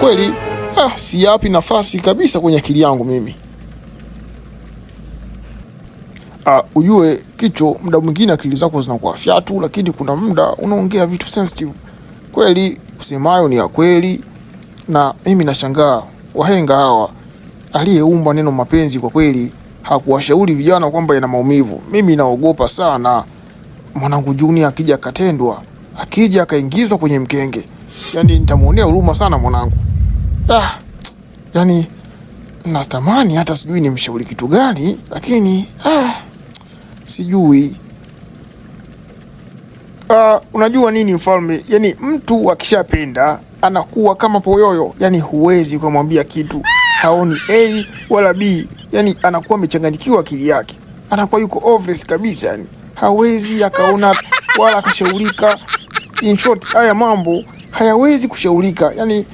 kweli ah, siyapi nafasi kabisa kwenye akili yangu mimi. Ah, ujue kicho, muda mwingine akili zako zinakuwa fyatu, lakini kuna muda unaongea vitu sensitive kweli, usemayo ni ya kweli, na mimi nashangaa wahenga hawa, aliyeumba neno mapenzi kwa kweli hakuwashauri vijana kwamba yana maumivu. Mimi naogopa sana mwanangu Juni akija akatendwa, akija akaingizwa kwenye mkenge, yani nitamuonea huruma sana mwanangu. Ah, yani natamani hata sijui ni mshauri kitu gani, lakini ah, sijui ah, unajua nini mfalme, yani mtu akishapenda anakuwa kama poyoyo, yani huwezi ukamwambia kitu, haoni A wala B, yani anakuwa amechanganyikiwa akili yake, anakuwa yuko obvious kabisa, yani hawezi akaona wala akashaurika. In short, haya mambo hayawezi kushaurika yani